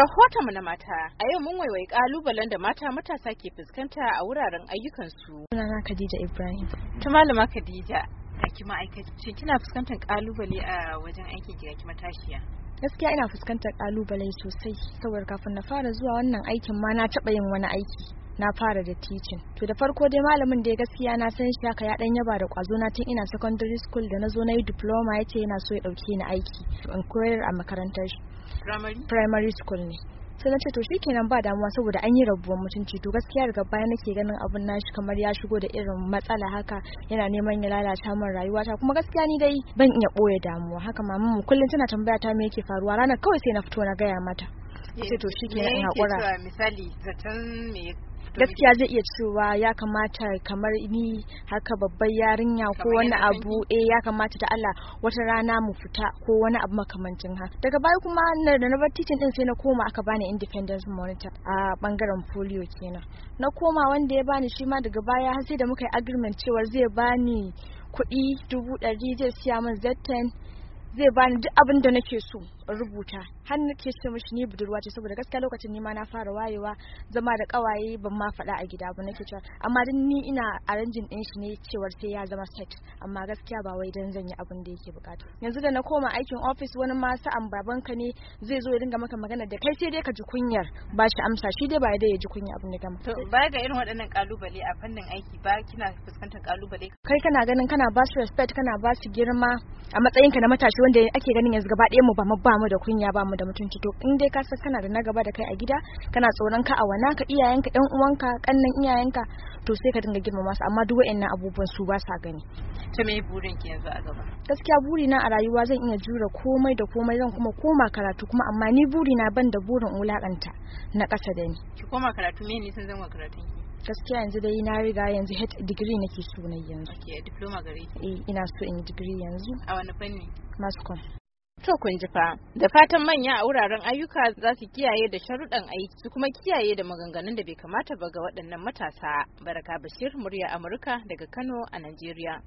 rahotonmu na mata, a yau mun waiwai kalubalen da mata matasa ke fuskanta a wuraren ayyukansu. Sunana Khadija Ibrahim. Ta malama Khadija, ki ma'aikaci kina fuskantar kalubale a wajen aikin gida ki matashiya. Gaskiya ina fuskantar kalubale sosai saboda kafin na fara zuwa wannan aikin ma na taɓa yin wani aiki na fara da teaching to da farko dai malamin da ya gaskiya na san shi haka ya dan yaba da kwazo na tun ina secondary school da na zo na yi diploma yace yana so ya dauke ni aiki in koyar a makarantar primary school ne sai na ce to shikenan ba damuwa saboda an yi rabuwar mutunci to gaskiya daga baya nake ganin abun nashi kamar ya shigo da irin matsala haka yana neman ya lalata min rayuwata kuma gaskiya ni dai ban iya boye damuwa haka maman kullum tana tambaya ta me yake faruwa rana kawai sai na fito na gaya mata ce to shikenan hakura misali zaton me gaskiya zai iya cewa ya kamata kamar ni haka babbar yarinya ko wani abu eh ya kamata ta Allah wata rana mu fita ko wani abu makamancin haka daga baya kuma na da na titin din sai na koma aka bani independence monitor a bangaren polio kenan na koma wanda ya bani shi ma daga baya har sai da muka yi agreement cewar zai bani kuɗi dubu ɗari zai siya min zetten zai bani duk abin da nake so rubuta hannun ke ce mishi ni budurwa ce saboda gaskiya lokacin ni ma na fara wayewa zama da kawaye ban ma faɗa a gida ba nake cewa amma dan ni ina arrangin din shi ne cewar sai ya zama set amma gaskiya ba wai dan zan yi abin da yake bukata yanzu da na koma aikin office wani ma sa'an babanka ne zai zo ya dinga maka magana da kai sai dai ka ji kunyar ba shi amsa shi dai ba dai ya ji kunya abin da gama to baya ga irin waɗannan kalubale a fannin aiki ba kina fuskantar kalubale kai kana ganin kana ba su respect kana ba su girma a matsayinka na matashi wanda ake ganin yanzu gaba ɗaya mu ba mu ba mu da kunya ba mu da mutunci to in dai ka san kana da na gaba da kai a gida kana tsoron ka a wana ka iyayenka yan uwanka kannan iyayenka to sai ka dinga girmama su amma duk wayannan abubuwan su ba sa gani ta me burin ki yanzu a gaba gaskiya buri na a rayuwa zan iya jure komai da komai zan kuma koma karatu kuma amma ni buri na ban da burin wulakanta na ƙasa da ni ki koma karatu me ne san zan wa karatun ki gaskiya yanzu dai na riga yanzu head degree nake so na yanzu. Okay, diploma gare ki. Eh, ina so in yi degree yanzu. A wani fanni? Mass com. To kun ji fa, da fatan manya a wuraren ayyuka za su kiyaye da sharuɗan aiki su kuma kiyaye da maganganun da bai kamata ba ga waɗannan matasa. Baraka Bashir, murya Amurka daga Kano a Najeriya.